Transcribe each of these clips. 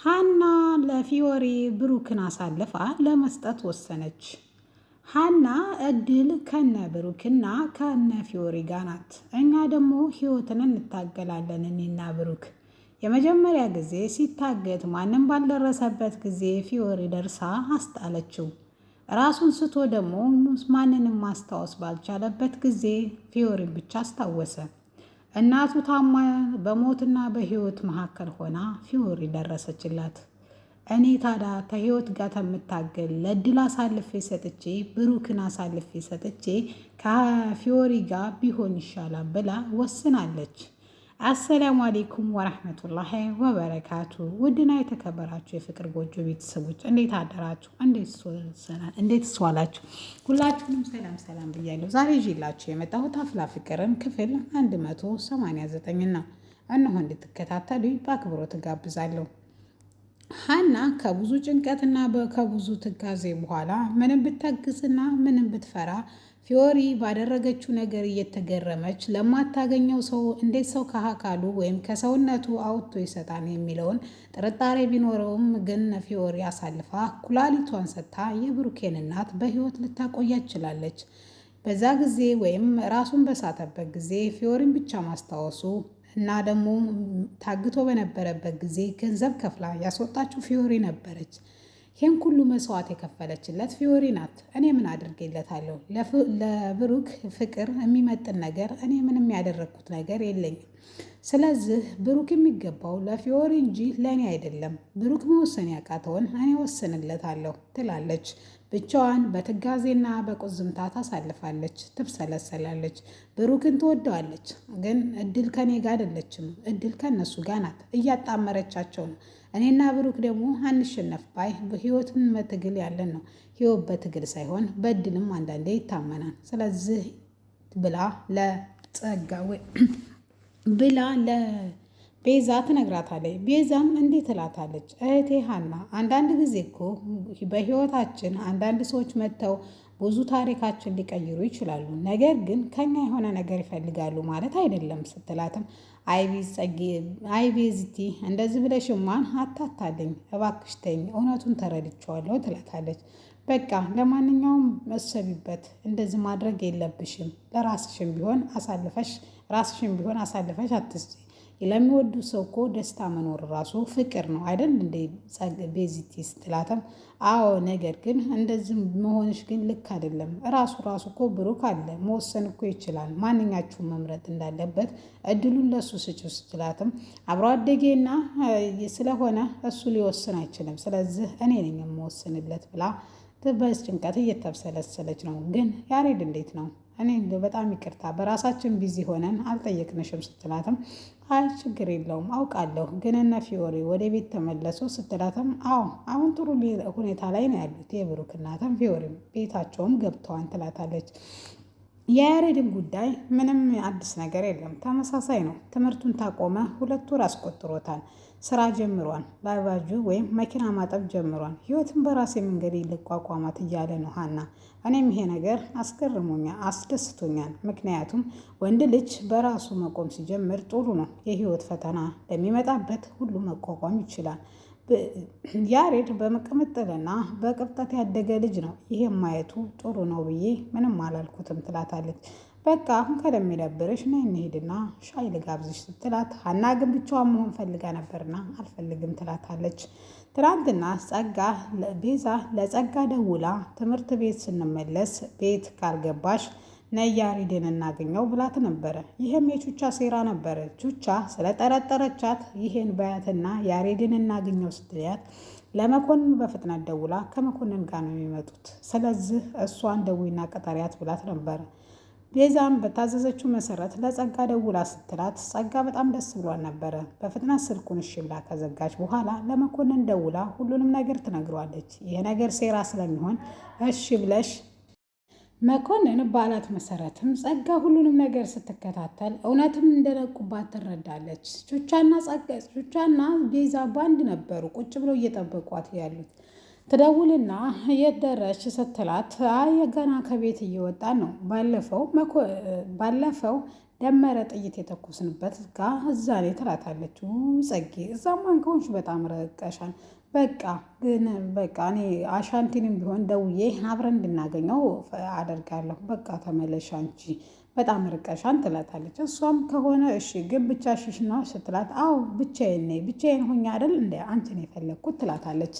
ሀና ለፊዮሬ ብሩክን አሳልፋ ለመስጠት ወሰነች። ሀና እድል ከነ ብሩክና ከነ ፊዮሬ ጋ ናት። እኛ ደግሞ ህይወትን እንታገላለን። እኔና ብሩክ የመጀመሪያ ጊዜ ሲታገት ማንም ባልደረሰበት ጊዜ ፊዮሬ ደርሳ አስጣለችው። ራሱን ስቶ ደግሞ ማንንም ማስታወስ ባልቻለበት ጊዜ ፊዮሬን ብቻ አስታወሰ። እናቱ ታማ በሞትና በህይወት መካከል ሆና ፊዮሪ ደረሰችላት። እኔ ታዳ ከህይወት ጋር ተምታገል ለድል አሳልፌ ሰጥቼ ብሩክን አሳልፌ ሰጥቼ ከፊዮሪ ጋር ቢሆን ይሻላል ብላ ወስናለች። አሰላሙ አሌይኩም ወረህመቱላሂ ወበረካቱ። ውድና የተከበራችሁ የፍቅር ጎጆ ቤተሰቦች እንዴት አደራችሁ? እንዴት ስዋላችሁ? ሁላችሁንም ሰላም ሰላም ብያለሁ። ዛሬ ይዤላችሁ የመጣሁት አፍላ ፍቅርን ክፍል 189 ነው። እነሆ እንድትከታተሉ በአክብሮት እጋብዛለሁ። ሀና ከብዙ ጭንቀትና ከብዙ ትጋዜ በኋላ ምንም ብታግስና ምንም ብትፈራ ፊዮሪ ባደረገችው ነገር እየተገረመች ለማታገኘው ሰው እንዴት ሰው ከአካሉ ወይም ከሰውነቱ አውጥቶ ይሰጣል የሚለውን ጥርጣሬ ቢኖረውም ግን ፊዮሪ አሳልፋ ኩላሊቷን ሰጥታ የብሩኬን እናት በሕይወት ልታቆያ ችላለች። በዛ ጊዜ ወይም ራሱን በሳተበት ጊዜ ፊዮሪን ብቻ ማስታወሱ እና ደግሞ ታግቶ በነበረበት ጊዜ ገንዘብ ከፍላ ያስወጣችው ፊዮሪ ነበረች። ይህን ሁሉ መስዋዕት የከፈለችለት ፊዮሪ ናት። እኔ ምን አድርጌለታለሁ? ለብሩክ ፍቅር የሚመጥን ነገር እኔ ምንም ያደረግኩት ነገር የለኝም። ስለዚህ ብሩክ የሚገባው ለፊዮሪ እንጂ ለእኔ አይደለም። ብሩክ መወሰን ያቃተውን እኔ ወስንለታለሁ ትላለች። ብቻዋን በትጋዜና በቁዝምታ ታሳልፋለች፣ ትብሰለሰላለች። ብሩክን ትወደዋለች፣ ግን እድል ከኔ ጋር አይደለችም፣ እድል ከእነሱ ጋር ናት። እያጣመረቻቸው ነው። እኔና ብሩክ ደግሞ አንሸነፍ ባይ በህይወትን በትግል ያለን ነው። ህይወት በትግል ሳይሆን በእድልም አንዳንዴ ይታመናል። ስለዚህ ብላ ለጸጋ ብላ ለ ቤዛ ትነግራታለች። ቤዛም እንዴት ትላታለች፣ እህቴ ሀና አንዳንድ ጊዜ እኮ በህይወታችን አንዳንድ ሰዎች መጥተው ብዙ ታሪካችን ሊቀይሩ ይችላሉ። ነገር ግን ከኛ የሆነ ነገር ይፈልጋሉ ማለት አይደለም ስትላትም አይ እንደዚህ ብለሽማን አታታልኝ፣ እባክሽ ተይኝ፣ እውነቱን ተረድቸዋለሁ ትላታለች። በቃ ለማንኛውም መሰቢበት፣ እንደዚህ ማድረግ የለብሽም፣ ለራስሽም ቢሆን አሳልፈሽ ራስሽም ቢሆን አሳልፈሽ አትስጪ ለሚወዱ ሰው እኮ ደስታ መኖር ራሱ ፍቅር ነው አይደል እንደ ቤዚቲ ስትላትም አዎ፣ ነገር ግን እንደዚህ መሆንሽ ግን ልክ አይደለም። ራሱ ራሱ እኮ ብሩክ አለ መወሰን እኮ ይችላል። ማንኛችሁም መምረጥ እንዳለበት እድሉን ለእሱ ስጪው ስትላትም አብሮ አደጌና ስለሆነ እሱ ሊወስን አይችልም። ስለዚህ እኔ ነኝ የምወስንለት ብላ በጭንቀት እየተብሰለሰለች ነው። ግን ያሬድ እንዴት ነው? እኔ እንደው በጣም ይቅርታ በራሳችን ቢዚ ሆነን አልጠየቅንሽም ስትላትም አይ ችግር የለውም አውቃለሁ፣ ግን እነ ፊዮሪ ወደ ቤት ተመለሱ ስትላትም አዎ አሁን ጥሩ ሁኔታ ላይ ነው ያሉት የብሩክ እናትም ፊዮሪም ቤታቸውም ገብተዋን ትላታለች። የያሬድን ጉዳይ ምንም አዲስ ነገር የለም፣ ተመሳሳይ ነው። ትምህርቱን ታቆመ ሁለት ወር አስቆጥሮታል። ስራ ጀምሯል። ላቫጁ ወይም መኪና ማጠብ ጀምሯል። ህይወትን በራሴ መንገድ ልቋቋማት እያለ ነው ሀና። እኔም ይሄ ነገር አስገርሞኛል፣ አስደስቶኛል። ምክንያቱም ወንድ ልጅ በራሱ መቆም ሲጀምር ጥሩ ነው። የህይወት ፈተና ለሚመጣበት ሁሉ መቋቋም ይችላል። ያሬድ በመቀመጠልና በቅብጠት ያደገ ልጅ ነው። ይሄ ማየቱ ጥሩ ነው ብዬ ምንም አላልኩትም ትላታለች። በቃ አሁን ከደሚደብርሽ ነይ እንሂድና ሻይ ልጋብዝሽ ስትላት ሀና ግን ብቻዋን መሆን ፈልጋ ነበርና አልፈልግም ትላታለች። ትናንትና ጸጋ ቤዛ ለጸጋ ደውላ ትምህርት ቤት ስንመለስ ቤት ካልገባሽ ነይ ያሬድን እናገኘው ብላት ነበረ። ይህም የቹቻ ሴራ ነበረ። ቹቻ ስለጠረጠረቻት ይሄን በያትና ያሬድን እናገኘው ስትያት ለመኮንን በፍጥነት ደውላ ከመኮንን ጋር ነው የሚመጡት፣ ስለዚህ እሷን ደዊና ቀጠሪያት ብላት ነበረ። ቤዛም በታዘዘችው መሰረት ለጸጋ ደውላ ስትላት ጸጋ በጣም ደስ ብሏል ነበረ። በፍጥነት ስልኩን እሺ ብላ ከዘጋች በኋላ ለመኮንን ደውላ ሁሉንም ነገር ትነግሯለች። ይህ ነገር ሴራ ስለሚሆን እሺ ብለሽ መኮንን ባላት መሰረትም ጸጋ ሁሉንም ነገር ስትከታተል እውነትም እንደነቁባት ትረዳለች። ቹቻና ቹቻና ቤዛ ባንድ ነበሩ ቁጭ ብለው እየጠበቋት ያሉት ትደውልና የት ደረሽ ስትላት አይ ገና ከቤት እየወጣ ነው። ባለፈው ባለፈው ደመረ ጥይት የተኮስንበት ጋ እዛ ላይ ትላታለች። ጸጌ እዛ ከሆንሽ በጣም ረቀሻል። በቃ ግን በቃ እኔ አሻንቲንም ቢሆን ደውዬ አብረን እንድናገኘው አደርጋለሁ። በቃ ተመለሽ አንቺ በጣም ርቀሻን ትላታለች። እሷም ከሆነ እሺ ግን ብቻ ሽሽና ስትላት፣ አዎ ብቻዬን ነኝ ብቻዬን ሆኜ አይደል እንደ አንቺን የፈለግኩት ትላታለች።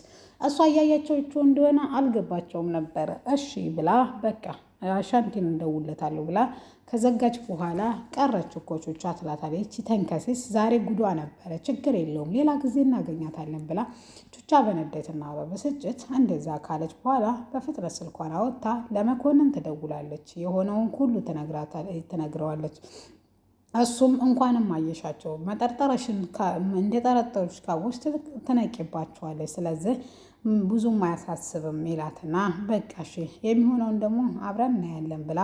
እሷ እያያቸችው እንደሆነ አልገባቸውም ነበረ። እሺ ብላ በቃ አሻንቲን እንደውለታለሁ ብላ ከዘጋች በኋላ ቀረች እኮ ቾቿ ትላታለች። ተንከሴስ ዛሬ ጉዷ ነበረ፣ ችግር የለውም ሌላ ጊዜ እናገኛታለን ብላ ብቻ በንዴትና በብስጭት እንደዛ ካለች በኋላ በፍጥነት ስልኳን አወጥታ ለመኮንን ትደውላለች። የሆነውን ሁሉ ትነግረዋለች። እሱም እንኳንም አየሻቸው መጠርጠረሽን እንደጠረጠሩሽ ካወቅሽ ትነቂባቸዋለች። ስለዚህ ብዙም አያሳስብም ይላትና በቃ የሚሆነውን ደግሞ አብረን እናያለን ብላ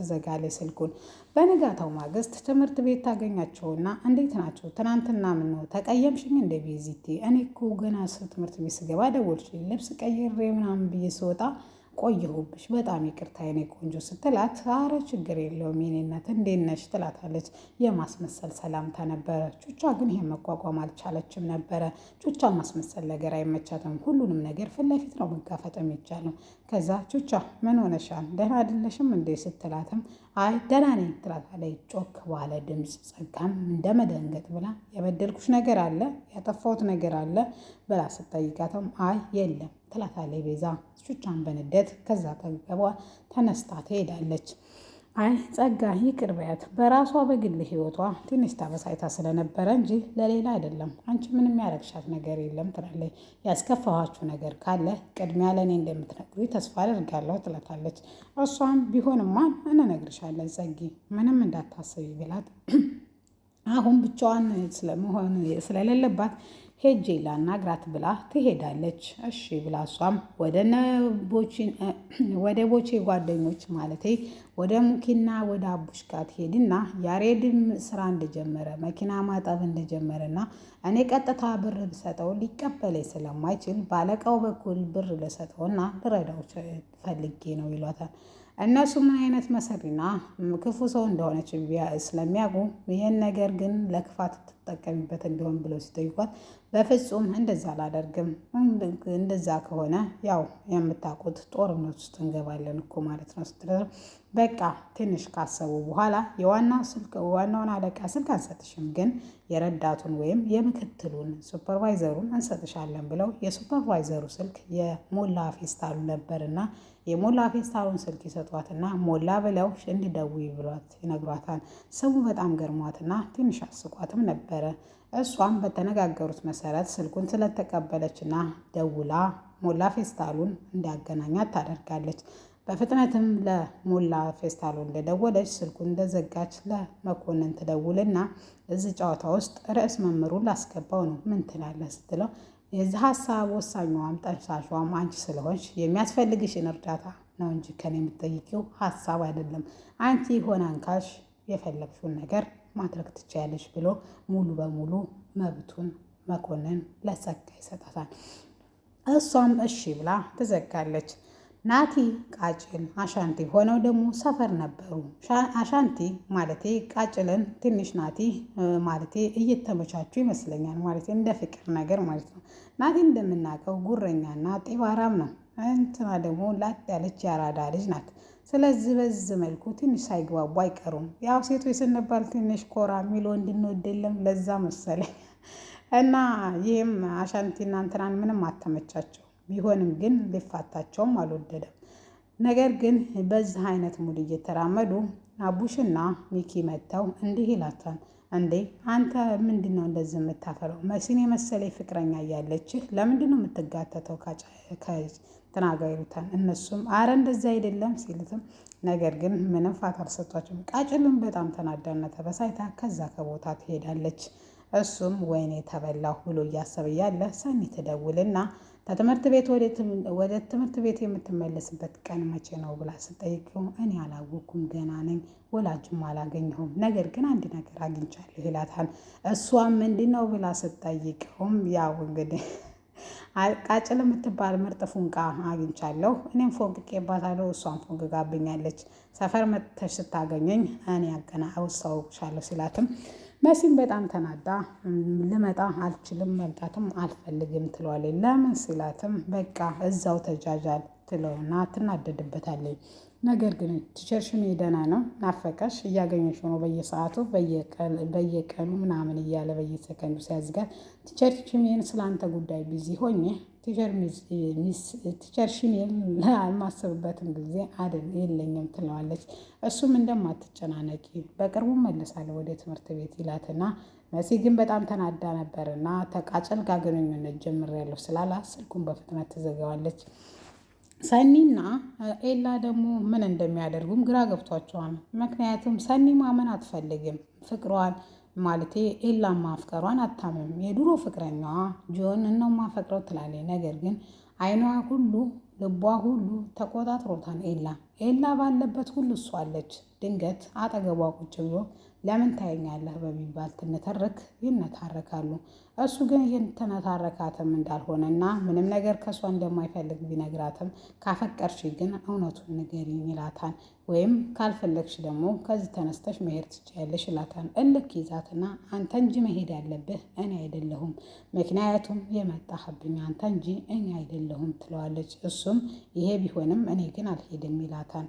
ትዘጋለች ስልኩን። በንጋታው ማግስት ትምህርት ቤት ታገኛቸውና እንዴት ናቸው? ትናንትና ምን ነው ተቀየምሽኝ? እንደ ቤዚቲ እኔ እኮ ገና ትምህርት ቤት ስገባ ደወልሽኝ ልብስ ቀይሬ ምናምን ብዬ ስወጣ ቆየሁብሽ፣ በጣም ይቅርታ የኔ ቆንጆ ስትላት፣ አረ ችግር የለውም የኔ እናት እንዴት ነሽ ትላታለች። የማስመሰል ሰላምታ ነበረ። ቹቻ ግን ይሄን መቋቋም አልቻለችም ነበረ። ቹቻ ማስመሰል ነገር አይመቻትም። ሁሉንም ነገር ፊት ለፊት ነው መጋፈጥ የሚቻለው። ከዛ ቹቻ ምን ሆነሻል? ደህና አይደለሽም እንዴ ስትላትም አይ ደህና ነኝ ትላታለች ጮክ ባለ ድምፅ። ጸጋም እንደመደንገጥ ብላ የበደልኩሽ ነገር አለ ያጠፋሁት ነገር አለ ብላ ስጠይቃትም አይ የለም ትላታለች ቤዛ ሹቻን በንደት ከዛ ጠገቧ ተነስታ ትሄዳለች። አይ ጸጋ ይቅር በያት። በራሷ በግል ህይወቷ ትንሽ ታበሳይታ ስለነበረ እንጂ ለሌላ አይደለም። አንቺ ምንም ያረግሻት ነገር የለም ትላለች። ያስከፋኋችሁ ነገር ካለ ቅድሚያ ለእኔ እንደምትነግሩ ተስፋ አደርጋለሁ ትላታለች። እሷም ቢሆንማ እንነግርሻለን ጸጊ፣ ምንም እንዳታስቢ ብላት አሁን ብቻዋን ስለመሆን ስለሌለባት ሄጄ ላናግራት ብላ ትሄዳለች። እሺ ብላ እሷም ወደ ቦቼ ጓደኞች ማለቴ ወደ ሙኪና ወደ አቡሽ ጋር ትሄድና ያሬድም ስራ እንደጀመረ መኪና ማጠብ እንደጀመረና እኔ ቀጥታ ብር ብሰጠው ሊቀበለኝ ስለማይችል ባለቃው በኩል ብር ልሰጠውና ልረዳው ፈልጌ ነው ይሏታል። እነሱ ምን አይነት መሰሪና ክፉ ሰው እንደሆነች ስለሚያውቁ ይህን ነገር ግን ለክፋት የምትጠቀሚበት እንዲሆን ብለው ሲጠይቋት በፍጹም እንደዛ አላደርግም፣ እንደዛ ከሆነ ያው የምታውቁት ጦርነት ውስጥ እንገባለን እኮ ማለት ነው ስትል በቃ ትንሽ ካሰቡ በኋላ የዋናውን ስልክ ዋናውን አለቃ ስልክ አንሰጥሽም፣ ግን የረዳቱን ወይም የምክትሉን ሱፐርቫይዘሩን እንሰጥሻለን ብለው የሱፐርቫይዘሩ ስልክ የሞላ ፌስታሉ ነበርና የሞላ ፌስታሉን ስልክ ይሰጧትና ሞላ ብለው እንዲደውይ ብሏት ይነግሯታል። ሰው በጣም ገርሟትና ትንሽ አስቋትም ነበር። ነበረ። እሷም በተነጋገሩት መሰረት ስልኩን ስለተቀበለችና ደውላ ሞላ ፌስታሉን እንዲያገናኛት ታደርጋለች። በፍጥነትም ለሞላ ፌስታሉ እንደደወለች ስልኩን እንደዘጋች ለመኮንን ትደውልና እዚህ ጨዋታ ውስጥ ርዕስ መምሩ ላስገባው ነው ምን ትላለህ? ስትለው የዚህ ሀሳብ ወሳኛዋም ጠንሳሿም አንቺ ስለሆንሽ የሚያስፈልግሽን እርዳታ ነው እንጂ ከኔ የምትጠይቂው ሀሳብ አይደለም። አንቺ ሆናን ካልሽ የፈለግሽውን ነገር ማድረግ ትችያለሽ ብሎ ሙሉ በሙሉ መብቱን መኮንን ለጸጋ ይሰጣታል። እሷም እሺ ብላ ትዘጋለች። ናቲ ቃጭል አሻንቲ ሆነው ደግሞ ሰፈር ነበሩ። አሻንቲ ማለቴ ቃጭልን ትንሽ ናቲ ማለቴ እየተመቻቹ ይመስለኛል። ማለቴ እንደ ፍቅር ነገር ማለት ነው። ናቲ እንደምናውቀው ጉረኛና ጢባራም ነው። እንትና ደግሞ ላጥ ያለች ያራዳ ልጅ ናት። ስለዚህ በዚህ መልኩ ትንሽ ሳይግባቡ አይቀሩም። ያው ሴቶች ስንባል ትንሽ ኮራ የሚል ወንድ ለዛ መሰለኝ እና ይህም አሻንቲና እንትናን ምንም አተመቻቸው። ቢሆንም ግን ሊፋታቸውም አልወደደም። ነገር ግን በዚህ አይነት ሙድ እየተራመዱ አቡሽና ሚኪ መጥተው እንዲህ ይላታል። እንዴ አንተ ምንድን ነው እንደዚህ የምታፈረው? መሲን የመሰለ ፍቅረኛ እያለችህ ለምንድን ነው የምትጋተተው? ተናገሩ እነሱም አረ እንደዚ አይደለም ሲሉትም ነገር ግን ምንም ፋታ አልሰጧቸውም። ቃጭልም በጣም ተናዳና ተበሳይታ ከዛ ከቦታ ትሄዳለች። እሱም ወይኔ ተበላሁ ብሎ እያሰብ እያለ ሰኒ ትደውልና ከትምህርት ቤት ወደ ትምህርት ቤት የምትመለስበት ቀን መቼ ነው ብላ ስጠይቀው እኔ አላወኩም ገና ነኝ፣ ወላጅም አላገኘሁም፣ ነገር ግን አንድ ነገር አግኝቻለሁ ይላታል። እሷም ምንድን ነው ብላ ስጠይቀውም ያው እንግዲህ አቃጭል የምትባል ምርጥ ፉንቃ አግኝቻለሁ። እኔም ፎንቅቄባታለሁ፣ እሷን ጋብኛለች። ሰፈር መጥተሽ ስታገኘኝ እኔ ያቀና አውሳውቅሻለሁ ሲላትም መሲም በጣም ተናዳ ልመጣ አልችልም፣ መምጣትም አልፈልግም ትለዋለች። ለምን ሲላትም በቃ እዛው ተጃጃል ትለውና ትናደድበታለች። ነገር ግን ቲቸር ሽሜ ደህና ነው ናፈቀሽ፣ እያገኘሽ ሆኖ በየሰዓቱ በየቀኑ ምናምን እያለ በየሰከንዱ ሲያዝጋት ቲቸር ሽሜን ስለአንተ ጉዳይ ቢዚ ሆኜ ቲቸር ሽሜን ጊዜ አድን የለኝም ትለዋለች። እሱም እንደማትጨናነቂ በቅርቡ መልሳለሁ ወደ ትምህርት ቤት ይላትና መሲ ግን በጣም ተናዳ ነበርና ተቃጨን ጋር ግንኙነት ጀምሬያለሁ ስላላ ስልኩን በፍጥነት ትዘጋዋለች። ሰኒና ኤላ ደግሞ ምን እንደሚያደርጉም ግራ ገብቷቸዋል። ምክንያቱም ሰኒ ማመን አትፈልግም ፍቅሯን ማለቴ ኤላን ማፍቀሯን አታምም። የድሮ ፍቅረኛዋ ጆን ነው ማፈቅረው ትላለች። ነገር ግን አይኗ ሁሉ ልቧ ሁሉ ተቆጣጥሮታን ኤላ ኤላ ባለበት ሁሉ እሷለች። አለች። ድንገት አጠገቧ ቁጭ ብሎ ለምን ታየኛለህ በሚባል ትንተርክ ይነታረካሉ። እሱ ግን ይህን እንዳልሆነ እንዳልሆነና ምንም ነገር ከእሷ እንደማይፈልግ ቢነግራትም ካፈቀርሽ ግን እውነቱን ንገሪኝ ይላታል። ወይም ካልፈለግሽ ደግሞ ከዚህ ተነስተሽ መሄድ ትችያለሽ ይላታል። እልክ ይዛትና አንተ እንጂ መሄድ ያለብህ እኔ አይደለሁም፣ ምክንያቱም የመጣህብኝ አንተ እንጂ እኔ አይደለሁም ትለዋለች። እሱም ይሄ ቢሆንም እኔ ግን አልሄድም ይላታል።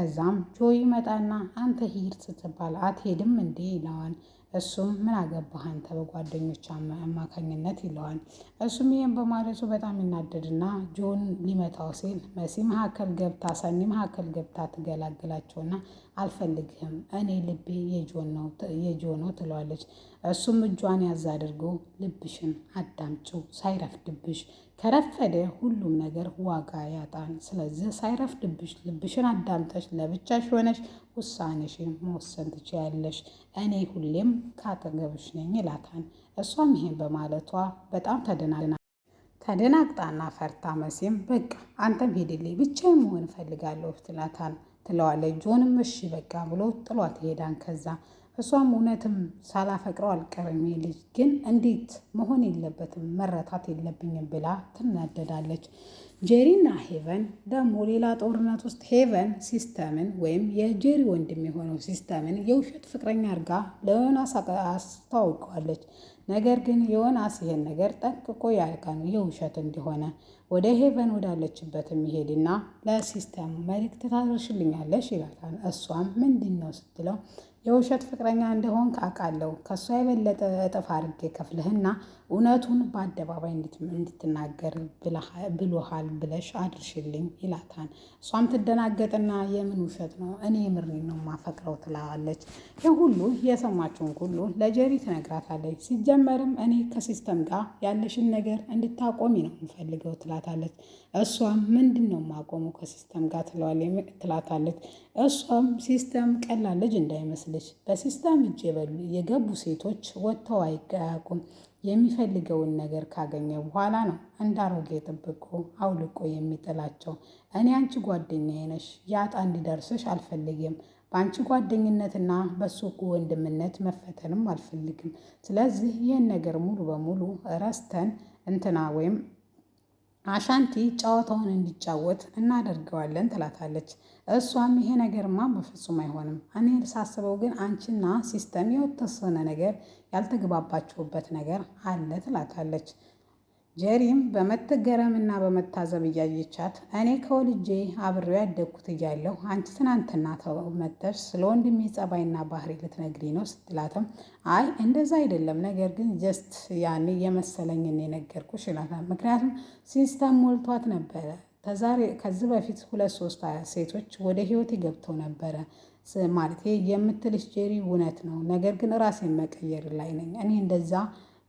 ከዛም ጆይ መጣና አንተ ሂድ ስትባል አትሄድም እንዴ ይለዋል። እሱም ምን አገባህ አንተ በጓደኞች አማካኝነት ይለዋል። እሱም ይህም በማለቱ በጣም ይናደድና ጆን ሊመታው ሲል መሲ መካከል ገብታ ሰኒ መካከል ገብታ ትገላግላቸውና አልፈልግህም፣ እኔ ልቤ የጆ ነው ትለዋለች። እሱም እጇን ያዝ አድርጎ ልብሽን አዳምጪው ሳይረፍድብሽ፣ ከረፈደ ሁሉም ነገር ዋጋ ያጣን። ስለዚህ ሳይረፍድብሽ ልብሽን አዳምጠሽ ለብቻሽ ሆነሽ ውሳኔሽን መወሰን ትችያለሽ። እኔ ሁሌም ካጠገብሽ ነኝ ይላታል። እሷም ይሄን በማለቷ በጣም ተደናግና ተደናግጣና ፈርታ መሲም በቃ አንተም ሄድልኝ ብቻ መሆን እፈልጋለሁ ትላታል። ትለዋለች። ጆንም እሺ በቃ ብሎ ጥሏት ይሄዳን። ከዛ እሷም እውነትም ሳላፈቅረው አልቀረም ልጅ ግን እንዴት መሆን የለበትም መረታት የለብኝም ብላ ትናደዳለች። ጄሪና ሄቨን ደግሞ ሌላ ጦርነት ውስጥ ሄቨን ሲስተምን ወይም የጄሪ ወንድም የሆነው ሲስተምን የውሸት ፍቅረኛ አድርጋ ለዮናስ አስተዋውቀዋለች። ነገር ግን ዮናስ ይሄን ነገር ጠንቅቆ ያውቃል የውሸት እንዲሆነ። ወደ ሄቨን ወዳለችበት የሚሄድና ለሲስተም መልእክት ታደርሽልኛለሽ ይላታል። እሷም ምንድን ነው ስትለው የውሸት ፍቅረኛ እንደሆንክ አውቃለሁ። ከእሷ የበለጠ እጥፍ አድርጌ ከፍልህና እውነቱን በአደባባይ እንድትናገር ብሎሃል ብለሽ አድርሽልኝ ይላታል። እሷም ትደናገጥና የምን ውሸት ነው እኔ ምሬ ነው ማፈቅረው ትላለች። ይህ ሁሉ የሰማችውን ሁሉ ለጀሪ ትነግራታለች። ሲጀመርም እኔ ከሲስተም ጋር ያለሽን ነገር እንድታቆሚ ነው የምፈልገው ትላታለች። እሷም ምንድን ነው ማቆመው ከሲስተም ጋር ትላታለች። እሷም ሲስተም ቀላል ልጅ እንዳይመስልች በሲስተም እጅ የገቡ ሴቶች ወጥተው አይቀያቁም። የሚፈልገውን ነገር ካገኘ በኋላ ነው እንደ አሮጌ ጥብቆ አውልቆ የሚጥላቸው። እኔ አንቺ ጓደኛዬ ነሽ፣ ያጣ እንዲደርስሽ አልፈልግም። በአንቺ ጓደኝነትና በሱ ወንድምነት መፈተንም አልፈልግም። ስለዚህ ይህን ነገር ሙሉ በሙሉ ረስተን እንትና ወይም አሻንቲ ጨዋታውን እንዲጫወት እናደርገዋለን ትላታለች። እሷም ይሄ ነገርማ በፍጹም አይሆንም፣ እኔ ሳስበው ግን አንቺና ሲስተም የተወሰነ ነገር ያልተግባባችሁበት ነገር አለ ትላታለች። ጀሪም በመተገረም በመተገረምና በመታዘብ እያየቻት እኔ ከወልጄ አብሬ ያደግኩት እያለሁ አንቺ ትናንትና ተመተሽ ስለ ወንድሜ ጸባይና ባህሪ ልትነግሪ ነው ስትላትም አይ እንደዛ አይደለም፣ ነገር ግን ጀስት ያኔ የመሰለኝን የነገርኩሽ ይላታል። ምክንያቱም ሲስተም ሞልቷት ነበረ። ከዚህ በፊት ሁለት ሶስት ሴቶች ወደ ህይወት ገብተው ነበረ ማለት የምትልሽ ጀሪ እውነት ነው፣ ነገር ግን ራሴን መቀየር ላይ ነኝ እኔ እንደዛ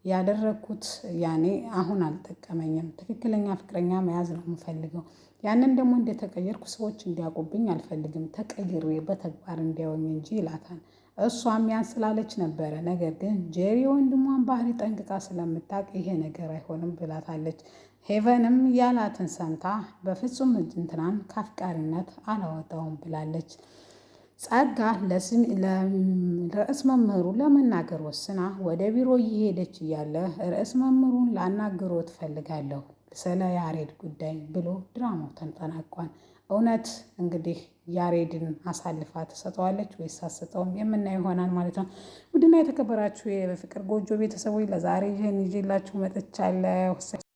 ያደረግኩት ያኔ አሁን አልጠቀመኝም። ትክክለኛ ፍቅረኛ መያዝ ነው የምፈልገው። ያንን ደግሞ እንደተቀየርኩ ሰዎች እንዲያውቁብኝ አልፈልግም ተቀይሬ በተግባር እንዲያዩኝ እንጂ ይላታል። እሷም ያን ስላለች ነበረ። ነገር ግን ጄሪ ወንድሟን ባህሪ ጠንቅቃ ስለምታውቅ ይሄ ነገር አይሆንም ብላታለች። ሄቨንም ያላትን ሰምታ በፍጹም እንትናን ከአፍቃሪነት አላወጣውም ብላለች። ጸጋ ለርዕስ መምህሩን ለመናገር ወስና ወደ ቢሮ እየሄደች እያለ ርዕስ መምህሩን ላናግሮ ትፈልጋለሁ ስለ ያሬድ ጉዳይ ብሎ ድራማው ተንጠናቋል። እውነት እንግዲህ ያሬድን አሳልፋ ትሰጠዋለች ወይስ አትሰጠውም? የምናየው ይሆናል ማለት ነው። ውድና የተከበራችሁ የፍቅር ጎጆ ቤተሰቦች ለዛሬ ይህን ይዤላችሁ መጥቻለሁ።